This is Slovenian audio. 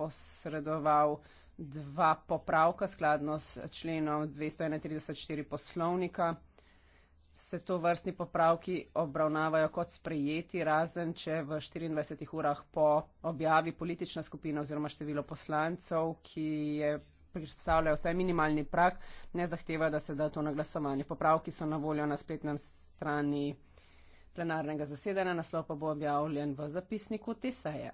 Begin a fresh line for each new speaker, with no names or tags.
posredoval dva popravka skladno s členom 231.4 poslovnika. Se to vrstni popravki obravnavajo kot sprejeti, razen če v 24 urah po objavi politična skupina oziroma število poslancev, ki je predstavljajo vsaj minimalni prak, ne zahtevajo, da se da to na glasovanje. Popravki so na voljo na spletnem strani plenarnega zasedanja, naslov pa bo objavljen v zapisniku te seje.